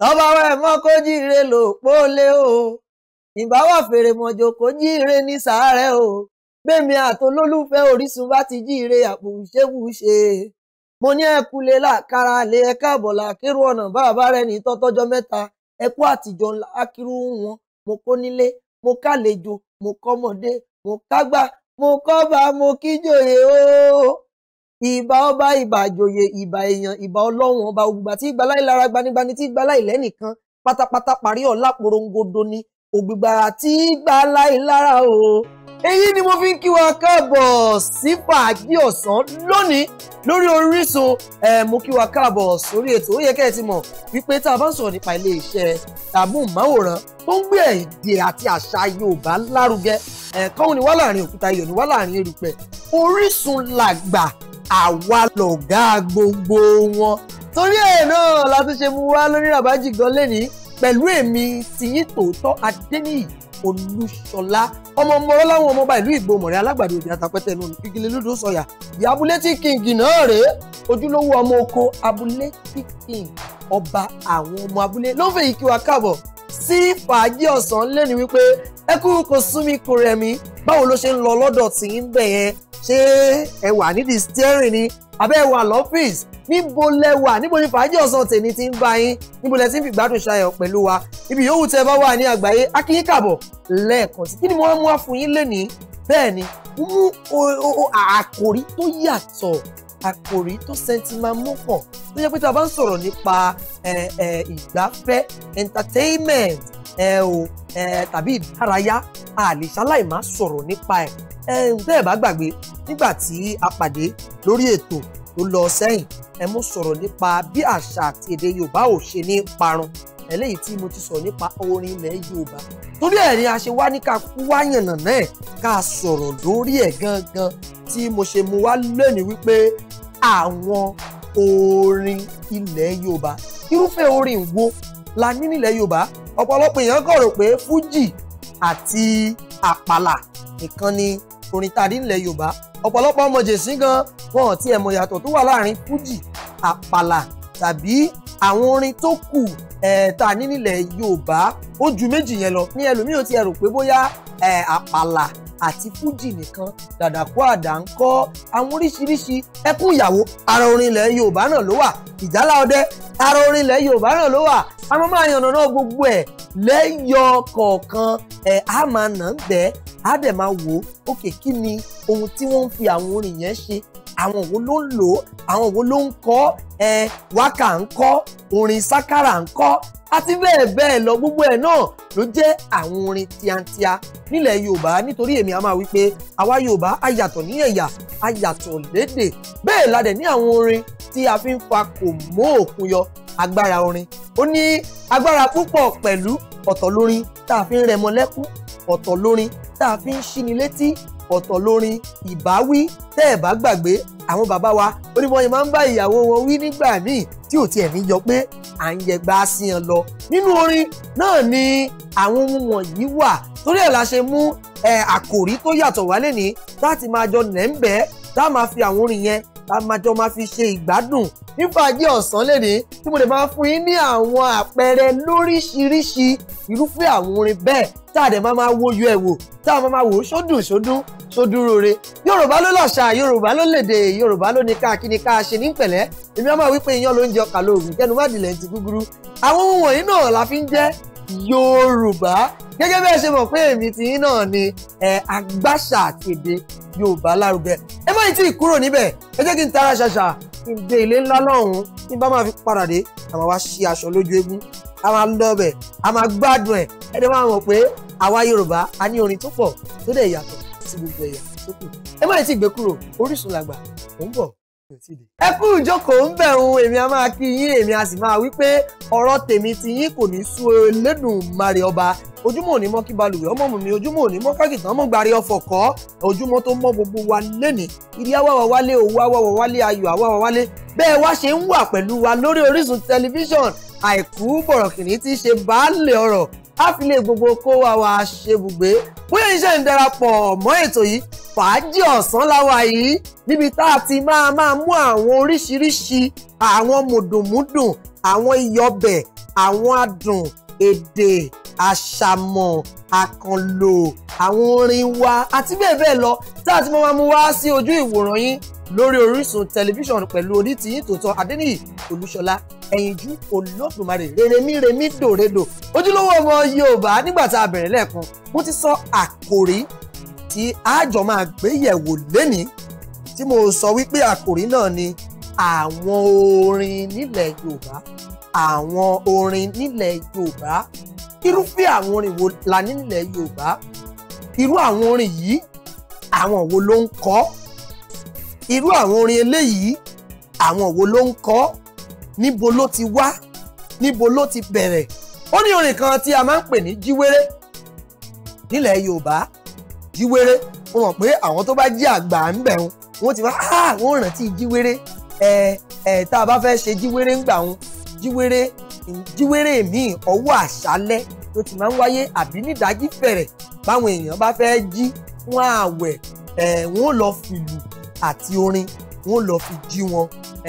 tọ́ba wa ẹ̀ mọ́ kó jíire lò pólé o ìbáwà fèrè mọ̀jọ kó jíire ní sàárẹ̀ o gbẹ̀mí àtolólùfẹ́ Orísun bá ti jíire àpòṣewúṣe mo ní ẹkùlé làkàrà lé ẹ káàbọ̀ làkírù ọ̀nà bàbá rẹ̀ ní tọ́tọ́jọ́ mẹ́ta ẹkú àtijọ́ lákírù wọn mo kó nílé mo kálejò mo kọ́mọdé mo kágbá mo kọ́ba mo kíjòyè o ìbà ọba ìbà àjòyè ìbà èèyàn ìbà ọlọ́run ọba ògbà tí ìgbà láì lára gbanigbani tí ìgbà láì lẹ́nìkan pátápátá parí ọ̀la porongodo ni ògbìgbà tí ìgbà láì lára o. èyí ni mo fi ń kí wa káàbọ̀ sí fàájì ọ̀sán lónìí lórí Orísun ẹ mo kí wa káàbọ̀ sórí ètò ó yẹ kẹ́ ẹ ti mọ̀ wípé tá a bá ń sọ̀rọ̀ nípa ilé iṣẹ́ tàbùnmáwòrán tó ń gbé èdè àti àṣà Yorùbá lárugẹ ẹ̀ẹ́kọ́ òní wá láàrin òkúta iyọ̀ ní wá láàrin erùpẹ̀ Orísun làgbà àwa lọ̀gá gbogbo wọn. torí ẹ̀ náà la tún ṣe mú wá lórí Rabaji gan lẹ́nìí pẹ̀lú èmi tìyín tòótọ́ Adéníyì Olúṣọlá ọmọ mọ̀rọ́ láwọn ọmọọba ìlú Ìgbòmọ̀rẹ́ alágbàdo òdì àtàpẹ́tẹ̀ nù ìgbìlẹ̀ lúdò sọ̀yà ìyá abúlé tí kìngì náà rèé ojúlówó ọmọ oko abúlé tí kìngì ọba àwọn ọmọ abúlé ló ń fèyí kí wa káàbọ̀ sí fàájì ọ̀sán lẹ́ni wípé ẹkú kò sún mi kò rẹ̀ mí báwo ló ṣe ń lọ lọ́dọ̀ tì ń bẹ̀ yẹn ṣé ẹ wà nídìí steering ni àbẹ́ ẹ wà lọ́fíìsì níbo lẹ wà níbo ni fàájì ọ̀sán tèmi ti ń bá yín níbo lẹ ti ń fi ìgbádùn ṣayọ̀ pẹ̀lú wa ibi yòówù tẹ bá wà ní àgbáyé a kí yín kàbọ̀ lẹ́ẹ̀kan sí kí ni mo wá mú wá fún yín lénìí bẹ́ẹ̀ ni mú àkòrí tó yàtọ̀ àkòrí tó sentimental tó yẹ pé tí a bá ń sọ̀rọ̀ nípa ìgbafẹ́ entertainment ẹ o ẹ tàbí ìdárayá a lè ṣaláì má sọ̀rọ̀ nípa ẹ̀ ẹ̀ bẹ́ẹ̀ bá gbàgbé nígbà tí a pàdé lórí ètò tó lọ sẹ́yìn ẹ mú sọ̀rọ̀ nípa bí àṣà àti èdè Yorùbá ò ṣe ní parun eléyìí tí mo ti sọ̀rọ̀ nípa orin ilẹ̀ Yorùbá torí ẹ̀ ni a ṣe wá ní ká kú wá yànnà náà ká sọ̀rọ̀ lórí ẹ̀ gangan tí mo ṣe mú wá lónìí wípé àwọn orin ilẹ̀ Yorùbá irúfẹ́ orin wo la ní nílẹ̀ Yorùbá ọ̀pọ̀lọpọ̀ èèyàn kọ̀ rò pé fújì àti àpàlà nìkan ni orin tàdí ilẹ̀ yorùbá ọ̀pọ̀lọpọ̀ ọmọ jèsí gan wọn ò tiẹ̀ mọ̀ yàtọ̀ tó wà láàrin fújì àpàlà tàbí àwọn orin tó kù ẹ̀ẹ́ta nílẹ̀ yorùbá ó ju méjì yẹn lọ ní ẹlòmíràn ti ẹ̀rù pé bóyá àpàlà àti fújì nìkan dàdàkú àdá ń kọ́ àwọn oríṣiríṣi ẹkún ìyàwó ara orin ilẹ̀ yorùbá náà ló wà ìjálá ọdẹ ara orin ilẹ̀ yorùbá náà ló wà àwọn máa yànnà náà gbogbo ẹ̀ lẹ́yọ kọ̀ọ̀kan ẹ̀ á máa nà ń bẹ́ẹ̀ á dẹ̀ máa wò ó òkè kí ni ohun tí wọ́n ń fi àwọn orin yẹn ṣe àwọn wo ló ń lò ó àwọn wo ló ń kọ ẹ wákà ń kọ orin sákàrà ń kọ àti bẹ́ẹ̀ bẹ́ẹ̀ lọ gbogbo ẹ̀ náà ló jẹ́ àwọn orin tíantíá nílẹ̀ Yorùbá nítorí èmi a máa wí pé àwa Yorùbá a ní ẹ̀yà a yàtọ̀ bẹ́ẹ̀ la dẹ̀ ní àwọn orin tí a fi ń fa kò mọ́ òkun yọ agbára orin ó ní agbára púpọ̀ pẹ̀lú ọ̀tọ̀ lórin tá a fi ń rẹmọ lẹ́kún ọ̀tọ̀ lórin tá a fi ń ṣíni létí ọ̀tọ̀ lórin ìbáwí tẹ́ ẹ̀ bá gbàgbé àwọn bàbá wa ó ní wọ́n yẹn máa ń bá ìyàwó wọn wí nígbà míì tí ò tiẹ̀ ní yọ pé à ń yẹgbà síyan lọ nínú orin náà ni àwọn ohun wọ̀nyí wà torí ẹ̀ la ṣe mú àkòrí tó yàtọ̀ wálé ní láti máa jọ nẹ́ńbẹ́ tá máa fi àwọn orin yẹn tá a máa jọ máa fi ṣe ìgbádùn ní fàájì ọ̀sán lẹ́ni tí mo lè máa fún yín ní àwọn àpẹẹrẹ lóríṣiríṣi irúfẹ́ àwọn orin bẹ́ẹ̀ tá a dẹ̀ máa máa wojú ẹ̀ wò tá a máa máa wò ó ṣódùn ṣódùn ṣódúró re yorùbá ló lọ̀ṣà yorùbá ló lédè yorùbá ló ní káàkiri ká ṣe ní pẹ̀lẹ́ èmi á máa wí pé iyán ló ń jẹ ọkà lóògùn kẹnu má dìlẹ̀ ti gúgúrú àwọn ohun wọ̀nyí náà la fi ń jẹ́ Yorùbá gẹ́gẹ́ bí ẹ ṣe mọ̀ pé èmi ti yín náà ni agbáṣà àti èdè Yorùbá lárugẹ ẹ má tí ì kúrò níbẹ̀ ẹ jẹ́ kí n tara ṣàṣà kí n dé ilé ńlá lọ́hùn-ún kí n bá máa fi padà dé àmọ́ wá ṣí aṣọ lójú eégún a máa lọ bẹ̀ a máa gbádùn ẹ̀ ẹ dẹ́ máa mọ̀ pé àwa Yorùbá a ní orin tó pọ̀ tó dẹ̀ yàtọ̀ sí gbogbo ẹ̀yà tó kù ẹ má tí ì gbé kúrò Orísun làgbà ò ń bọ̀ ẹ fún ìjókòó ń bẹ̀ ohun èmi a máa kí yín èmi a sì máa wí pé ọ̀rọ̀ tèmi ti yín kò ní sú Elédùmarè ọba ojúmọ́ òní mọ́ kí balùwẹ̀ ọmọ mi ojúmọ́ òní mọ́ kákìtàn mọ́ gbàrí ọfọ̀ kọ́ ojúmọ́ tó mọ́ gbogbo wa lẹ́nì ilé awáwa wálé òwú awáwa wálé ayọ̀ awáwa wálé bẹ́ẹ̀ wá ṣe ń wà pẹ̀lú wa lórí Orísun tẹlifíṣọ̀n àìkú bọ̀rọ̀kìnní tí ṣe baálé ọ̀rọ̀ á fi lè gbogbo kó wa wa ṣe bùgbé bóyá iṣẹ́ ń mọ́ ètò yìí fàájì ọ̀sán láwa yìí níbi tá a ti máa máa mú àwọn oríṣiríṣi àwọn mùdùnmúdùn àwọn iyọ̀bẹ̀ àwọn adùn èdè àṣàmọ̀ àkànlò àwọn orin wa àti bẹ́ẹ̀ bẹ́ẹ̀ lọ tá a ti máa mú wá sí ojú ìwòran yín lórí Orísun tẹlifíṣàn pẹ̀lú orí ti yín tòótọ́ Adéníyì Olúṣọlá ju Olódùmarè rèrèmí rèmí dòredò ojúlówó ọmọ Yorùbá nígbà tá a bẹ̀rẹ̀ lẹ́ẹ̀kan mo ti sọ àkòrí tí àjọ máa gbé yẹ̀wò lénìí tí mo sọ wípé àkòrí náà ni àwọn orin nílẹ̀ Yorùbá àwọn orin nílẹ̀ Yorùbá irúfẹ́ àwọn orin wo la ní nílẹ̀ Yorùbá irú àwọn orin yìí àwọn wo ló ń kọ irú àwọn orin eléyìí àwọn wo ló ń kọ níbo ló ti wá níbo ló ti bẹ̀rẹ̀ ó ní orin kan tí a máa ń pè ní jíwéré nílẹ̀ Yorùbá jíwéré mo mọ̀ pé àwọn tó bá jí àgbà ń bẹ̀ wọn wọ́n ti wá ah wọ́n rántí jíwéré ẹ ẹ tá a bá fẹ́ ṣe jíwéré ń gbà wọn jíwéré jíwéré míì ọwọ́ àṣálẹ́ ló ti máa ń wáyé àbí nídàájí fẹ̀rẹ̀ báwọn èèyàn bá fẹ́ jí wọn àwẹ̀ ẹ̀ wọ́n lọ fìlù àti orin wọ́n lọ fi jí wọn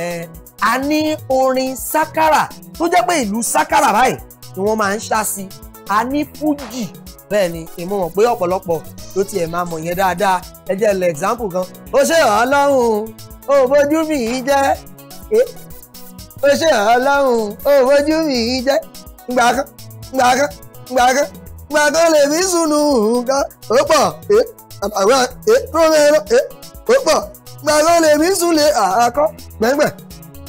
ẹ̀ a ní orin sákàrà tó jẹ́ pé ìlú Sakara, báyìí ni wọ́n máa ń ṣá sí a ní fújì bẹ́ẹ̀ ni èmi mọ̀ pé ọ̀pọ̀lọpọ̀ tó tiẹ̀ máa mọ̀ yẹn dáadáa ẹ jẹ́ lọ example kan ó ṣe ọlọ́run ó bójú mi yìí jẹ́ ó ṣe ọlọ́run ó bójú mi yìí jẹ́ gbà kan gbà kan gbà kan gbà kan lè fi sùnù nǹkan ó pọ̀ àbàwọ̀ tó mẹ́rọ ó pọ̀ gbà lè fi sùn àkọ́ gbẹ̀ngbẹ̀.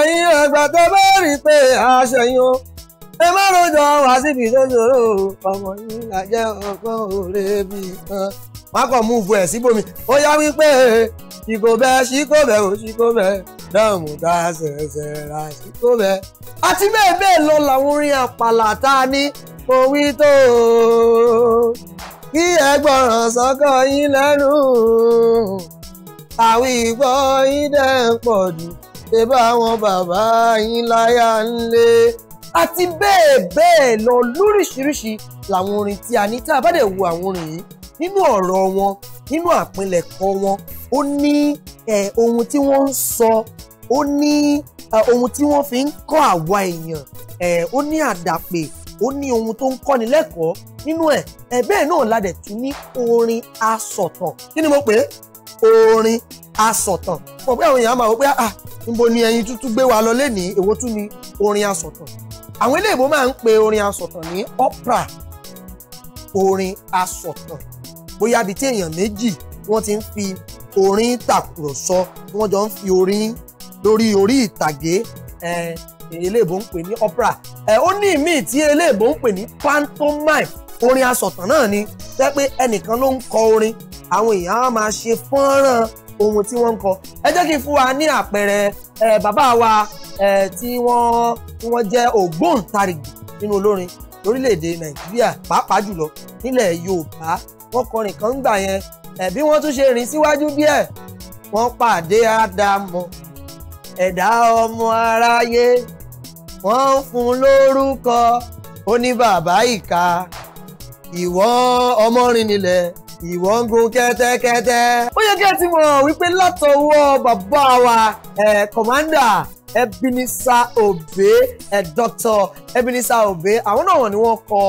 ẹ̀yin àgbà tó bá rí pé àṣẹyìn o ẹ má rojọ́ wá síbi tó ṣòro ọmọ yìí àjẹ́ ọkọ òre bí kan má kàn mú bu ẹ̀ síbòmí ó yá wípé ṣìkò bẹ́ẹ̀ ṣìkò bẹ́ẹ̀ ò ṣìkò bẹ́ẹ̀ dáhùn tá a ṣẹ̀ṣẹ̀ ra ṣìkò bẹ́ẹ̀. àti bẹ́ẹ̀ bẹ́ẹ̀ lọ làwọn orin àpàlà tá a ní òwí tó kí ẹ gbọ́ràn sọ́kọ yín lẹ́nu àwìn ìgbọ́ yín dẹ́ ń jù ṣe báwọn bàbá yín láyà ń lé. àti bẹ́ẹ̀ bẹ́ẹ̀ lọ lóríṣiríṣi làwọn orin tí a ní tá a bá dẹ̀ wo àwọn orin yìí nínú ọ̀rọ̀ wọn nínú àpilẹ̀kọ wọn ó ní ohun tí wọ́n ń sọ ó ní ohun tí wọ́n fi ń kọ́ àwa èèyàn ó ní àdàpè ó ní ohun tó ń kọ́ni lẹ́kọ̀ọ́ nínú ẹ̀ bẹ́ẹ̀ náà la dẹ̀ tún ní orin asọ̀tàn kí ni mo pè é orin asọ̀tàn mọ̀ pé àwọn èèyàn máa wọ pé ah níbo ni ẹyin tútù gbé wa lọ lẹ́nìí èwo tún ni orin asọ̀tàn àwọn iléèbó máa ń pe orin asọ̀tàn ní opera orin asọ̀tàn bóyá bíi tí èèyàn méjì wọ́n ti ń fi orin tàkùrọ̀sọ wọ́n jọ ń fi orin lórí orí ìtàgé eléèbó ń pè ní opera ó ní ìmíì tí eléèbó ń pè ní pantomime orin asọ̀tàn náà ni jẹ́ pé ẹnìkan ló ń kọ orin àwọn èèyàn á máa ṣe fọ́nrán ohun tí wọ́n ń kọ ẹ jẹ́ kí n fún wa ní àpẹẹrẹ bàbá wa tí wọ́n tí wọ́n jẹ́ ògbóǹtarìgì nínú olórin lórílẹ̀‐èdè nàìjíríà pàápàá jùlọ nílẹ̀ yorùbá wọ́n kọrin kan gbà yẹn bí wọ́n tún ṣe rìn síwájú díẹ̀ wọ́n pàdé ádámù ẹ̀dá ọmọ aráyé wọ́n ń fún lórúkọ ó ìka ìwọ ọmọrin nílẹ̀ ìwọ ń gun kẹ́tẹ́kẹ́tẹ́. ó yẹ kí ẹ ti mọ̀ wípé látọwọ́ bàbá wa kọ̀mándà Ebenezer Obey Dr. Ebenezer Obey àwọn náà ni wọ́n kọ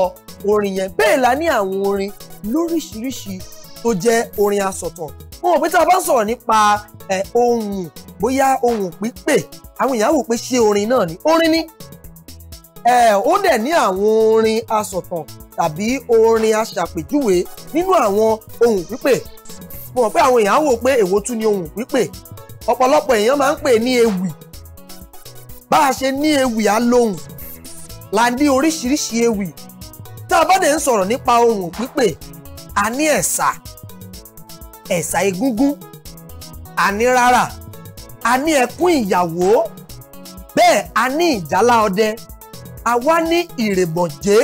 orin yẹn bẹ́ẹ̀ la ní àwọn orin lóríṣiríṣi tó jẹ́ orin asọ̀tàn wọn ò pé tí a bá ń sọ̀rọ̀ nípa ohun bóyá ohun pípè àwọn èèyàn wò pé ṣé orin náà ni orin ni ó dẹ̀ ní àwọn orin asọ̀tàn tàbí orin aṣàpèjúwe nínú àwọn ohùn pípè mo mọ̀ pé àwọn èèyàn wò pé èwo tún ni ohùn pípè ọ̀pọ̀lọpọ̀ èèyàn máa ń pè ní ewì bá a ṣe ní ewì alóhùn la ní oríṣiríṣi ewì tá a bá dẹ̀ ń sọ̀rọ̀ nípa ohùn pípè a ní ẹ̀sà ẹ̀sà egúngún a ní rárá a ní ẹkún ìyàwó bẹ́ẹ̀ a ní ìjálá ọdẹ a wá ní ìrèbọ̀jẹ́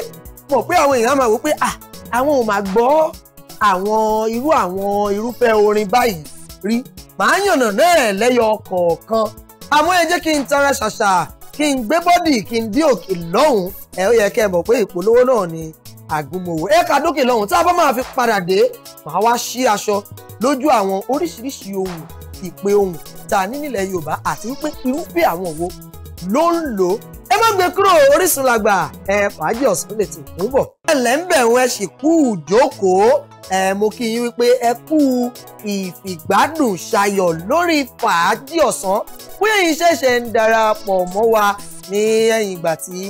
mọ̀ pé àwọn èèyàn máa wò pé ah, àwọn ò máa gbọ́ àwọn irú àwọn irúfẹ́ orin báyìí rí màá yànnà náà lẹ́yọ kọ̀ọ̀kan àmọ́ ẹ jẹ́ kí n tara ṣàṣà kí n gbé bọ́dì kí n dí òkè lọ́hùn ẹ ó yẹ kẹ́ ẹ mọ̀ pé ìpolówó náà ni àgúnmòwò ẹ ká dókè lọ́hùn tá a bá máa fi padà dé màá wá ṣí aṣọ lójú àwọn oríṣiríṣi ohun ìpè ohun tá a ní nílẹ̀ Yorùbá àti wípé irúfẹ́ àwọn wo ló ń lò ó ẹ má gbé kúrò Orísun làgbà ẹ fàájì ọ̀sán lè ti kú bọ̀. ẹlẹ́ ń bẹ̀ wọ́n ẹ sì kú ìjókòó ẹ mo kí yín wípé ẹ kú ìfìgbádùn ṣayọ̀ lórí fàájì ọ̀sán fún èyí ṣẹ̀ṣẹ̀ ń darapọ̀ mọ́ wa ní ẹ̀yìn ìgbà tí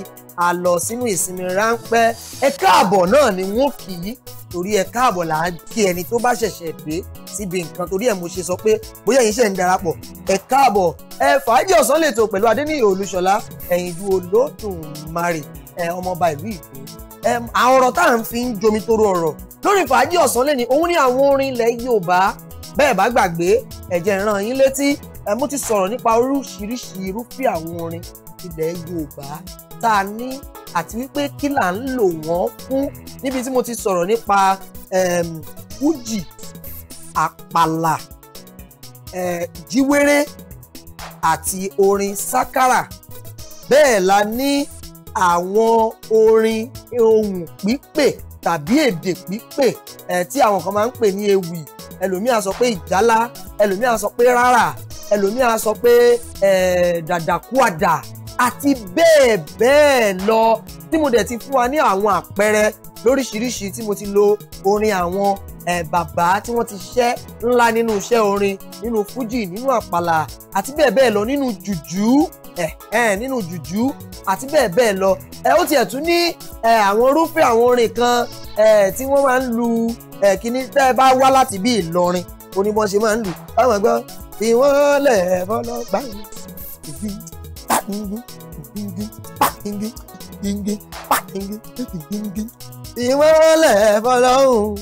a lọ sínú ìsinmi ráńpẹ́ ẹ káàbọ̀ náà ni wọ́n kì í torí ẹ káàbọ̀ là á kí ẹni tó bá ṣẹ̀ṣẹ̀ dé síbi nǹkan torí ẹ̀ mo ṣe sọ pé bóyá ẹ̀yin ṣe ń darapọ̀ ẹ káàbọ̀ ẹ fàájì ọ̀sán lè tó pẹ̀lú adéníyè olúṣọlá ẹ̀yìn ju olódùmarè ẹ ọmọọba ìlú ìgbò àwọn ọ̀rọ̀ tá à ń fi ń jomi toro ọ̀rọ̀ lórí fàájì ọ̀sán lẹ́ni òun ní àwọn orin ilẹ̀ yorùbá bẹ́ẹ̀ bá gbàgbé ẹ̀jẹ̀ ìran yín létí mo ti sọ̀rọ̀ nípa oríṣiríṣi irúfẹ́ àwọn orin ilẹ̀ yorùbá tá a ní àti wípé kí là ń lò wọ́n fún níbi tí mo ti sọ̀rọ̀ nípa fújì àpàlà jíwéré àti orin sákárà bẹ́ẹ̀ la ní àwọn orin ohùn pípè tàbí èdè pípè tí àwọn kan máa ń pè ní ewì ẹlòmíì sọ pé ìjálá ẹlòmíì sọ pé rárá ẹlòmíì sọ pé dàdàkúàdà àti bẹ́ẹ̀ bẹ́ẹ̀ lọ tí mo dẹ̀ ti fún wa ní àwọn àpẹẹrẹ lóríṣiríṣi tí mo ti lo orin àwọn ẹ bàbá tí wọ́n ti ṣẹ́ ńlá nínú iṣẹ́ orin nínú fújì nínú àpàlà àti bẹ́ẹ̀ bẹ́ẹ̀ lọ nínú jùjú ẹ ẹ nínú jùjú àti bẹ́ẹ̀ bẹ́ẹ̀ lọ ẹ ó tiẹ̀ tún ní ẹ àwọn irúfẹ́ àwọn orin kan ẹ tí wọ́n máa ń lu ẹ kíní tẹ́ ẹ bá wá láti bí Ìlọrin oníbọn ṣe máa ń lù báwọn gbọ́ fi wọ́n lẹ̀ ìmọ̀lẹ̀ fọlọ́hún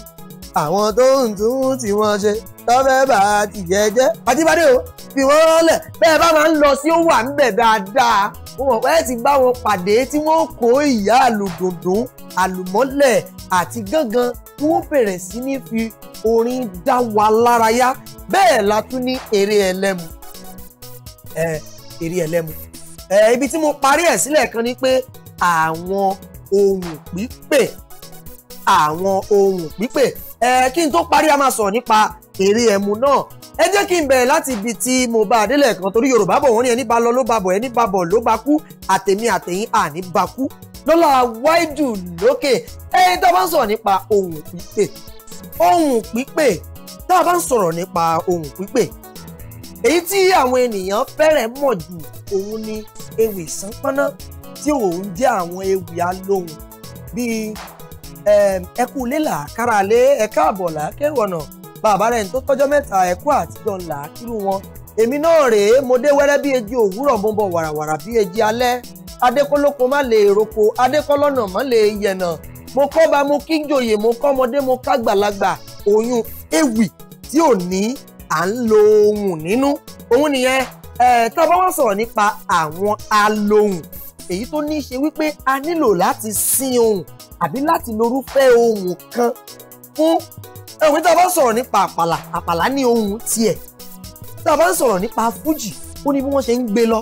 àwọn tó ń tún tí wọ́n ṣe tọ́fẹ́ bá tìjẹ́ jẹ́. àtibádé o fi wọ́n lẹ̀ bẹ́ẹ̀ bá máa ń lọ sí ó wà ń bẹ̀ dáadáa wọn ò pẹ́ ti bá wọn pàdé tí wọ́n kó ìyá àlùdùndùn àlùmọ́lẹ̀ àti gángan tí wọ́n bẹ̀rẹ̀ sí ní fi orin dá wa lárayá bẹ́ẹ̀ la tún ní eré ẹlẹ́mu. ẹ eré ẹlẹ́mu ibi tí mo parí ẹ̀ sílẹ̀ kan ni pé àwọn ohun pípè àwọn ohun pípè kí n tó parí a máa sọ̀rọ̀ nípa èrè ẹ̀mú náà ẹ jẹ́ kí n bẹ̀rẹ̀ láti ibi tí mo bá adélẹ̀ kan torí Yorùbá bọ̀ wọ́n ní ẹni bá lọ ló bá bọ̀ ẹni bá bọ̀ ló bá kú àtèmi àtẹ̀yìn àní bá kú lọ́la wáìdù lókè ẹni tó bá ń sọ̀rọ̀ nípa ohun pípè ohun pípè tá a bá ń sọ̀rọ̀ nípa ohun pípè èyí tí àwọn ènìyàn fẹ́rẹ̀ mọ̀ jù òun ni ewì sánpọ́nná tí òun jẹ́ àwọn ewì alóhùn bíi ẹkú lélà káralé ẹ̀ka àbọ̀là kẹrùọ̀nà bàbá rẹ̀ tó tọ́jọ́ mẹ́ta ẹ̀kú àtijọ́ ńlá kírú wọn èmi náà rèé mo dé wẹ́rẹ́ bí eji òwúrọ̀ mo ń bọ̀ wàràwàrà bí eji alẹ́ adékólóko má lè roko adékọ́lọ́nà má lè yẹ̀nà mo kọ́ba mo kíjòyè mo kọ́mọdé mo kágbàlagbà òyún ewì tí ò ní à ń lo ohùn nínú ohun nìyẹn tá a bá wá sọ̀rọ̀ nípa àwọn alohùn èyí tó ní í ṣe wípé a nílò láti sin ohùn àbí láti lorúfẹ́ ohùn kan fún ẹ̀wọ̀n tá a bá sọ̀rọ̀ nípa àpàlà àpàlà ní ohùn tiẹ̀ tá a bá ń sọ̀rọ̀ nípa fújì ó ní bí wọ́n ṣe ń gbé lọ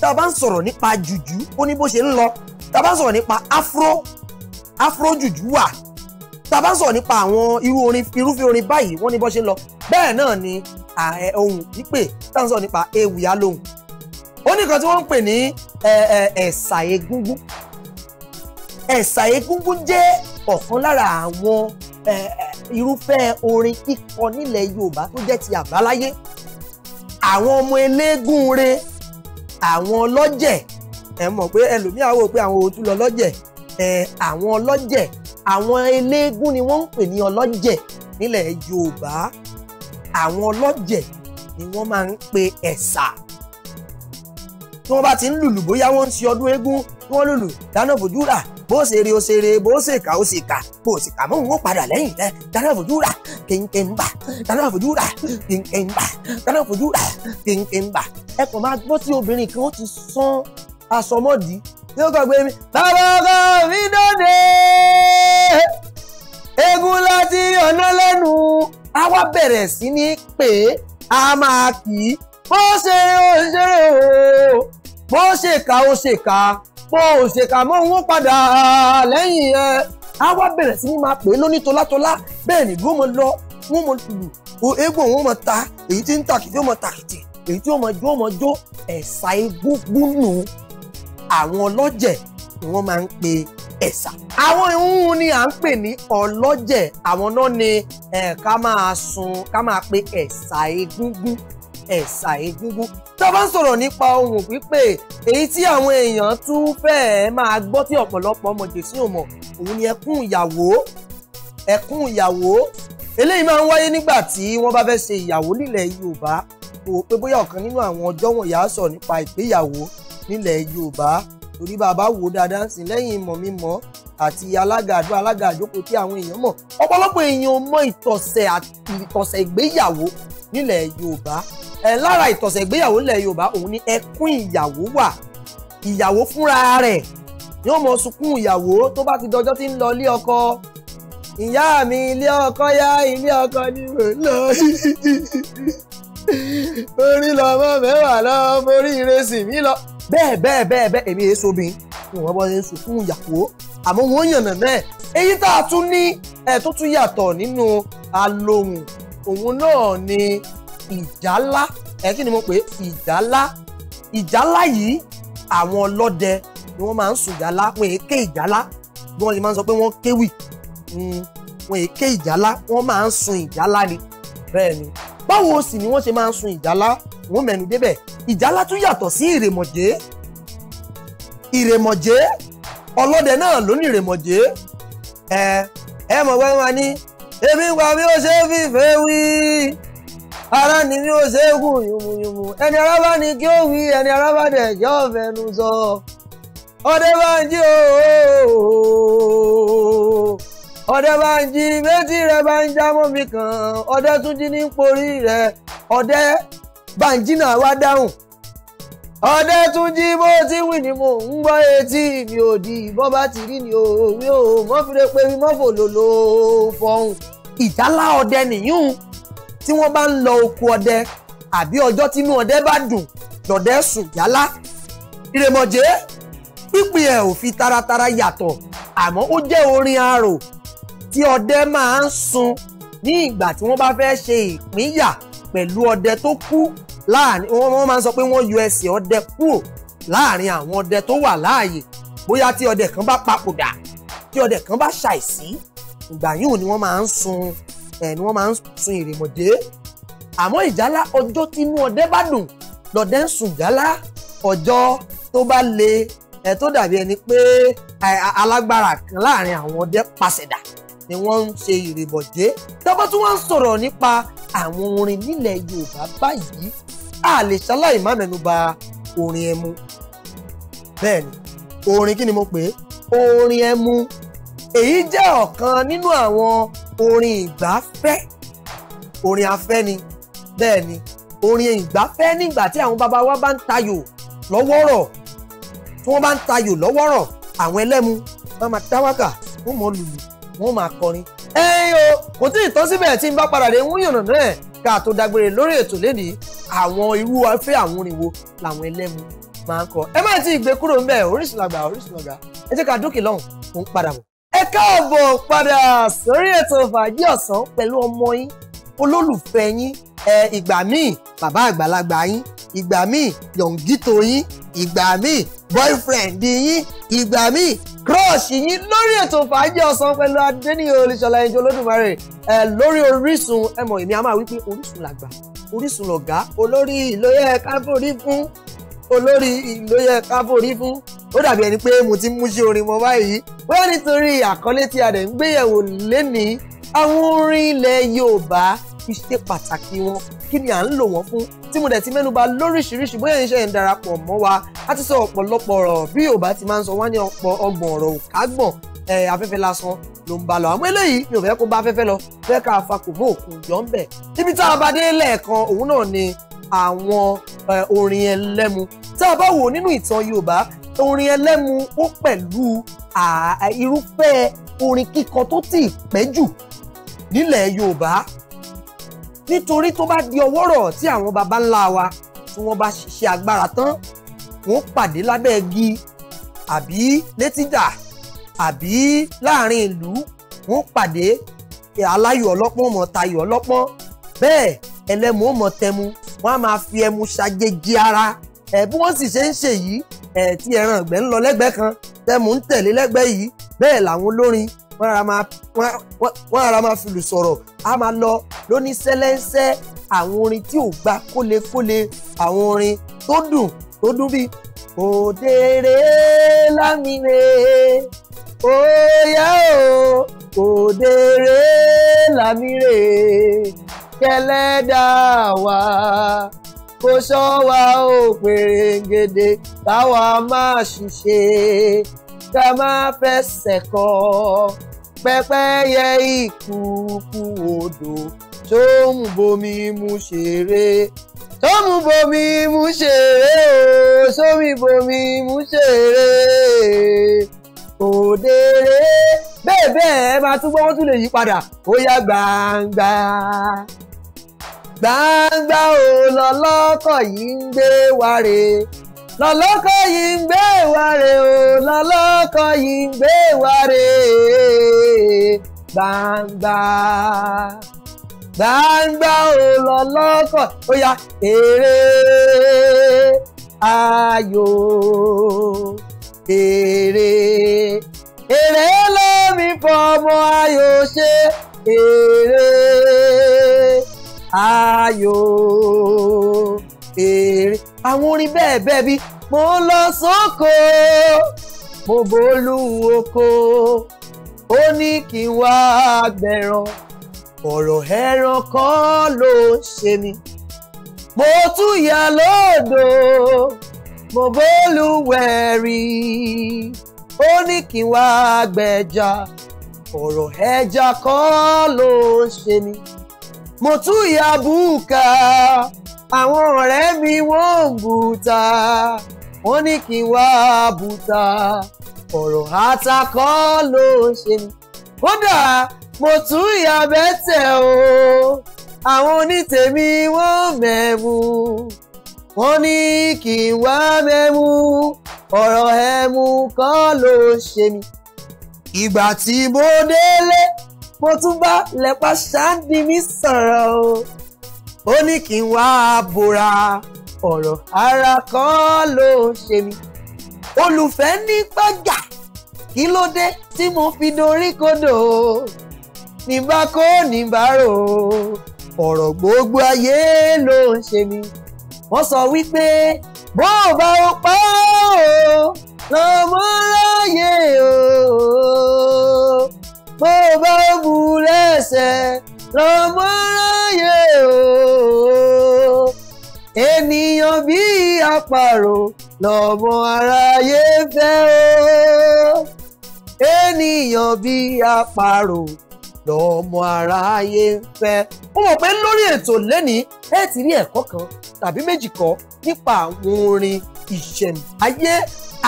tá a bá ń sọ̀rọ̀ nípa jùjú ó ní bó ṣe ń lọ tá a bá ń sọ̀rọ̀ nípa afro afro jùjú wà tá a bá ń sọ̀rọ̀ nípa àwọn irú orin irúfẹ́ orin báyìí wọ́n ní bó ṣe ń lọ bẹ́ẹ̀ náà ni ohun pípè tá à ń sọ̀rọ̀ nípa ewì alóhùn ó ní kan tí wọ́n ń pè ní ẹ̀sà egúngún ẹ̀sà egúngún jẹ́ ọ̀kan lára àwọn irúfẹ́ orin kíkọ nílẹ̀ Yorùbá tó jẹ́ ti àbáláyé àwọn ọmọ eléégún re àwọn ọlọ́jẹ̀ ẹ mọ̀ pé ẹlòmíà wò pé àwọn òtún lọ lọ́jẹ̀ àwọn ọlọ́jẹ̀ àwọn eléégún ni wọ́n ń pè ní ọlọ́jẹ̀ nílẹ̀ Yorùbá àwọn ọlọ́jẹ̀ ni wọ́n máa ń pe ẹ̀sà tí wọ́n bá ti ń lùlù bóyá wọ́n ń ṣe ọdún eégún tí wọ́n lùlù dáná bòjúrà bó ṣe re o ṣe re bó ṣe kà o ṣe kà bó ṣe kà mọ́ òun ó padà lẹ́yìn rẹ dáná bòjúrà kéńké ń bà dáná bòjúrà kéńké ń bà dáná bòjúrà kéńké ń bà ẹ kàn máa gbọ́ tí obìnrin kan ti sán aṣọ mọ́dìí yóò kàn gbé mi. bàbá ọkọ mi dòde egun láti ọ̀nà lẹ́nu a wá bẹ̀rẹ̀ sí ní pé a máa kì í bó ṣe ó ṣe ó bó ṣe kà ó ṣe kà bó ṣe kà mọ́ òun ó padà lẹ́yìn ẹ̀ a wá bẹ̀rẹ̀ sí ní máa pè é lóní tolátola bẹ́ẹ̀ ni gbọ́mọ lọ wọ́n mọ lù eégún wọn mọ ta èyí tí ń tàkìtì ó mọ tàkìtì èyí tí ó mọ jó ó mọ jó ẹ̀sà egúngún nù àwọn ọlọ́jẹ̀ ni wọ́n máa ń pe ẹ̀sà. àwọn ìhun ni à ń pè ní ọlọ́jẹ̀ àwọn náà ni ká máa sun ká máa pe ẹ̀sà egúngún ẹ̀sà egúngún. tá a bá ń sọ̀rọ̀ nípa ohun pípè èyí tí àwọn èèyàn tún fẹ́ẹ́ máa gbọ́ tí ọ̀pọ̀lọpọ̀ ọmọ jésù ò òun ni ẹkún ìyàwó ẹkún ìyàwó eléyìí máa ń wáyé nígbà tí wọ́n bá fẹ́ ṣe ìyàwó nílẹ̀ yorùbá wò pé bóyá ọ̀kan nínú àwọn ọjọ́ wọ̀nyí á nípa ìgbéyàwó nílẹ̀ Yorùbá torí bàbá wò dáadáa sí lẹ́yìn ìmọ̀ mímọ́ àti alága àdó alága àjókòó tí àwọn èèyàn mọ̀ ọ̀pọ̀lọpọ̀ èèyàn mọ̀ ìtọ̀sẹ̀ ìtọ̀sẹ̀ ìgbéyàwó nílẹ̀ Yorùbá ẹ̀ lára ìtọ̀sẹ̀ ìgbéyàwó nílẹ̀ Yorùbá òun ni ẹkún ìyàwó wà ìyàwó fúnra rẹ̀ yóò mọ sunkún ìyàwó tó bá ti dọjọ́ tí ń lọ ilé ọkọ ìyá mi ilé ọkọ yá ilé ọkọ ni mò ń lọ orí lọmọ mẹ́wàá lọ orí ìrẹsì mi lọ bẹ́ẹ̀ bẹ́ẹ̀ bẹ́ẹ̀ bẹ́ẹ̀ èmi èso mi ìwọ̀n bọ́ ṣe ń sùn fún ìyàwó àmọ́ wọ́n yànnà náà èyí tá a tún ní ẹ̀ tó tún yàtọ̀ nínú alohùn òun náà ni ìjálá ẹ kí ni mo pè é ìjálá ìjálá yìí àwọn ọlọ́dẹ ni wọ́n máa ń sùn jálá wọn èké ìjálá bí wọ́n lè máa ń sọ pé wọ́n kéwì hmm, wọn èké ìjálá wọ́n máa ń sun ìjálá ni bẹ́ẹ̀ ni báwo sì ni wọ́n ṣe máa ń sun ìjálá wọ́n mẹ́nu débẹ̀ ìjálá tún yàtọ̀ sí ìrèmọ̀jé ìrèmọ̀jé ọlọ́dẹ náà ló ní ìrèmọ̀jé ẹ ẹ mọ̀ pé wọ́n ní èmi ń pa bí ó ṣe fìfẹ́ wí ara ni mi ò ṣe kù yùmùyùmù ẹni ara bá ní kí ó wí ẹni ara bá dẹ̀ jọ́ fẹnu sọ ọdẹ bá ń jí ooo ọdẹ bá ń jí méjì rẹ bá ń já mọ́ mi kàn ọdẹ tún jí ní porí rẹ ọdẹ Bánjí náà wá dáhùn Ọdẹ́túnjí bó ti wì ní mò ń gbọ́ etí mi ò di ìbọn bá ti rí ni o mi ò mọ́fìrè pé mi mọ́fò lòlò fọhùn. ìjálá ọdẹ nìyún tí wọ́n bá ń lọ oko ọdẹ àbí ọjọ́ tínú ọdẹ bá dùn lọ́dẹ sùn jálá. ìrèmọ̀jé pípín ẹ̀ ò fi taratara yàtọ̀ àmọ́ ó jẹ́ orin arò tí ọdẹ máa ń sun ní ìgbà tí wọ́n bá fẹ́ ṣe ìpínyà pẹ̀lú ọdẹ tó kú láàrin wọ́n máa ń sọ pé wọ́n yọ ẹsẹ̀ ọdẹ kúrò láàrin àwọn ọdẹ tó wà láàyè bóyá tí ọdẹ kan bá papòdà tí ọdẹ kan bá ṣàìsí ìgbà yìí ni wọ́n máa ń sun ẹ̀ eh, ni wọ́n máa ń sun ìrèmọ̀dé àmọ́ ìjálá ọjọ́ tínú ọdẹ bá dùn lọ́dẹ ń sùn jálá ọjọ́ tó bá le ẹ̀ eh, tó dàbí ẹni pé eh, alágbára kan láàrin àwọn ọdẹ pàṣẹdà ni wọ́n ń ṣe ìrèmọ̀dé tọ́pọ́ tí wọ́n ń sọ̀rọ̀ nípa àwọn orin nílẹ̀ Yorùbá báyìí a lè ṣaláì má mẹ́nu bà orin ẹmu bẹ́ẹ̀ ni orin kí ni mo pè é orin ẹmu èyí jẹ́ ọ̀kan nínú àwọn orin ìgbafẹ́ orin afẹ́ ni bẹ́ẹ̀ ni orin ìgbafẹ́ nígbà tí àwọn bàbá wa bá ń tayò lọ́wọ́rọ̀ tí wọ́n bá ń tayò lọ́wọ́rọ̀ àwọn ẹlẹ́mu wọ́n máa dáwàkà wọ́n mọ̀ lùlù wọ́n máa kọrin ẹ̀yin o kò tí ì tán síbẹ̀ tí n bá padà dé ń yànnà náà ká tó dágbére lórí ètò lénìí àwọn irú afẹ́ àwọn orin wo làwọn ẹlẹ́mu máa ń kọ. ẹ má ti gbé kúrò ńbẹ̀ Orísun làgbà Orísun làgbà ẹ jẹ́ ká dókè lọ́hùn fún padà bọ̀. ẹ káàbọ̀ padà sórí ètò fàájì ọ̀sán pẹ̀lú ọmọ yín olólùfẹ́ yín ìgbà míì bàbá àgbàlagbà yín ìgbà míì yọ̀ǹgìtò yín ìgbà míì boyfriend yín ìgbà míì crush yín lórí ètò fàájì ọ̀sán pẹ̀lú adéníyàn olùṣọ́lá ẹ̀jọ̀ olódùmarè ẹ lórí Orísun ẹ mọ̀ èmi a máa wí pé Orísun làgbà Orísun lọ̀gá olórí ìlò yẹ ká forí fún olórí ìlò yẹ ká forí fún ó dàbí ẹni pé mo ti mú sí orin mọ báyìí bóyá nítorí àkọlé tí a dẹ̀ ń gbéyẹ̀wò lénìí àwọn orin ilẹ̀ Yorùbá ìṣe pàtàkì wọn kí ni à ń lò wọ́n fún tí mo dẹ̀ ti mẹ́nuba lóríṣiríṣi bóyá iṣẹ́ ń darapọ̀ mọ́ wa a ti sọ ọ̀pọ̀lọpọ̀ ọ̀rọ̀ bí Yorùbá ti máa ń sọ wá ní ọgbọ̀n ọ̀rọ̀ òkágbọ̀n afẹ́fẹ́ lásán ló ń bá lọ àwọn eléyìí mi ò fẹ́ kó bá afẹ́fẹ́ lọ fẹ́ ká fakò mọ́ òkun jọ ń bẹ̀ ibi tá a bá dé lẹ́ẹ̀kan òun náà ni àwọn orin ẹlẹ́mu tá a bá wò nínú ìtàn Yorùbá orin ẹlẹ́mu ó pẹ̀lú irúfẹ́ orin kíkọ tó ti pẹ́ jù nílẹ̀ Yorùbá nítorí tó bá di ọwọ́rọ̀ tí àwọn baba ńlá wa tí wọ́n bá ṣiṣẹ́ agbára tán wọ́n pàdé lábẹ́ igi àbí létídà àbí láàrin ìlú wọ́n pàdé aláyọ̀ ọlọ́pọ́n mọ̀ tayọ̀ ọlọ́pọ́n bẹ́ẹ̀ ẹlẹ́mu ó mọ̀ tẹmu wọ́n á máa fi ẹmu ṣàjèjì ara ẹ̀ bí wọ́n sì ṣe ń ṣe yìí ẹ̀ tí ẹran ọ̀gbẹ́ ń lọ lẹ́gbẹ́ kan tẹmu ń tẹ̀lé lẹ́gbẹ́ yìí bẹ́ẹ̀ làwọn olórin wọ́n ara máa fi lù sọ̀rọ̀ á máa lọ lóní sẹ́lẹ́ńsẹ́ àwọn orin tí ò gba kólekóle àwọn orin tó dùn tó dùn bíi òdèrè lámìrè Óyá o, òdèrè làmírè, kẹlẹ́dà wá. Kó sọ wa ó pèrègèdè káwa máa ṣiṣẹ́, ká máa fẹsẹ̀ kọ́. Pẹ́pẹ́yẹ ìkùkù odò tó ń bomi mu ṣeré tó mú bomi mu ṣeré o sómi bomi mu ṣeré òdèrè bẹ́ẹ̀ bẹ́ẹ̀ ẹ máa tún gbọ́ wọ́n tún lè yí padà ó yá gbangba gbangba ò lọ́lọ́kọ̀ yìí ń gbé wáre lọ́lọ́kọ̀ yìí ń gbé wáre ò lọ́lọ́kọ̀ yìí ń gbé wáre gbangba gbangba ò lọ́lọ́kọ̀ ó yá èrè ayò èrè èrè lómi fọmọ ayò ṣe èrè ayò èrè àwọn orin bẹ́ẹ̀ bẹ́ẹ̀ bí mo ń lọ sóko mo bolú oko ó ní kí n wá gbẹ̀ràn ọ̀rọ̀ ẹran kan ló ń ṣe mí mo tún yà lóòdò mo bólúwẹ̀rí ó ní kí n wá gbẹ̀jà ọ̀rọ̀ ẹja kọ́ ló ń ṣe mí. mo tún ya búùkà àwọn ọ̀rẹ́ mi wọ́n ń bùtà wọ́n ní kí n wá bùtà ọ̀rọ̀ ata kọ́ ló ń ṣe mí. kódà mo tún ya bẹ́tẹ̀ o àwọn onítèmi wọ́n mẹ̀mú wọ́n ní kí n wá mẹ́mú ọ̀rọ̀ ẹ̀mú kan ló ṣe mí. ìgbà tí mo délé mo tún bá lẹ́pà ṣáàdì mi sọ̀rọ̀ o ó ní kí n wá bora ọ̀rọ̀ ara kan ló ṣe mí. olùfẹ́ ní gbọ́jà kí ló dé tí mo fi dorí kodò nígbà kó nígbà rò ọ̀rọ̀ gbogbo ayé ló ń ṣe mí wọ́n sọ wípé bó o bá o pa ó lọ láyé o bó o bá o bù lẹ́sẹ̀ lọ mú láyé o ènìyàn bí àparò lọ́mọ aráyé fẹ́ o ènìyàn bí àparò lọ́mọ aráyé ń fẹ́. mo mọ̀ pé lórí ètò lẹ́nìí ẹ ti rí ẹ̀kọ́ kan tàbí méjì kọ́ nípa àwọn orin ìṣẹ̀mbáyé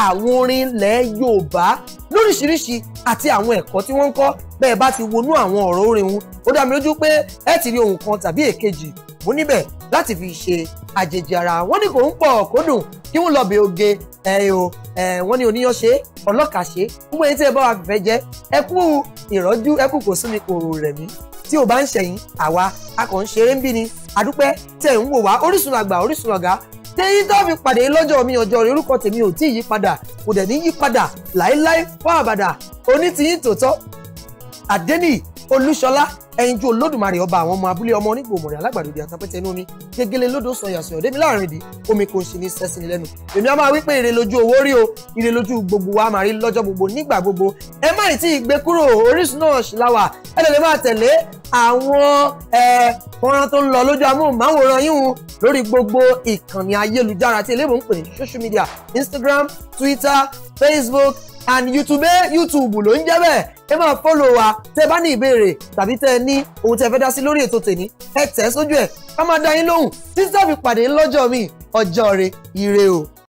àwọn orin ilẹ̀ Yorùbá lóríṣiríṣi àti àwọn ẹ̀kọ́ tí wọ́n ń kọ́ bẹ́ẹ̀ bá ti wọnú àwọn ọ̀rọ̀ orin wọn ó dá mi lójú pé ẹ ti rí ohun kan tàbí èkejì mú níbẹ̀ láti fi ṣe àjèjì ara wọn ní kò ń pọ̀ kó dùn kí wọ́n lọ bẹ oge ẹ o ẹ wọ́n ní oníyan ṣe ọlọ́kà ṣe gbogbo ẹni tí ẹ bá wà fẹ́ jẹ́ ẹ kú ìrọ́jú ẹ kú kò sún mi kò rẹ̀ mí tí ò bá ń ṣẹ̀yìn àwa a kàn ń ṣeré ń bí ni àdúpẹ́ tẹ̀ ń wò wá Orísun àgbà Orísun ọ̀gá tẹ́yìn tó fi pàdé lọ́jọ́ mi ọjọ́ rẹ̀ orúkọ tèmi ò tí ì yí padà kò dẹ̀ ní yí padà láéláé fún àbàdà onítìyín tòótọ́ àdénì olúṣọlá ẹyinjú olódùmarè ọba àwọn ọmọ abúlé ọmọ onígbò mọ̀rẹ́ alágbàdòdì àtàpẹ́tẹ inú omi gegele lódò sọyà sọyà débi láàrin ìdí omi kò sì ní sẹ́sìn lẹ́nu èmi á máa wí pé ire lójú owó rí o ire lójú gbogbo wa máa rí lọ́jọ́ gbogbo nígbà gbogbo ẹ má ì tí ì gbé kúrò Orísun náà ṣì la wà ẹ lè lè máa tẹ̀lé àwọn ọ̀ràn tó ń lọ lójú amóhùnmáwòrán yíhun lórí gbogbo ìkànnì ayélujára tí eléèbó ń pè ní social media Instagram Twitter Facebook and YouTube YouTube ló ń jẹ́ bẹ́ẹ̀ ẹ máa fọ́lọ̀ wa tẹ́ bá ní ìbéèrè tàbí tẹ́ ní ohun tẹ́ fẹ́ dá sí lórí ètò tèmi ẹ tẹ̀ sójú ẹ̀ ká máa dá yín lóhùn títí tá pàdé lọ́jọ́ mi ọjọ́ re ire o.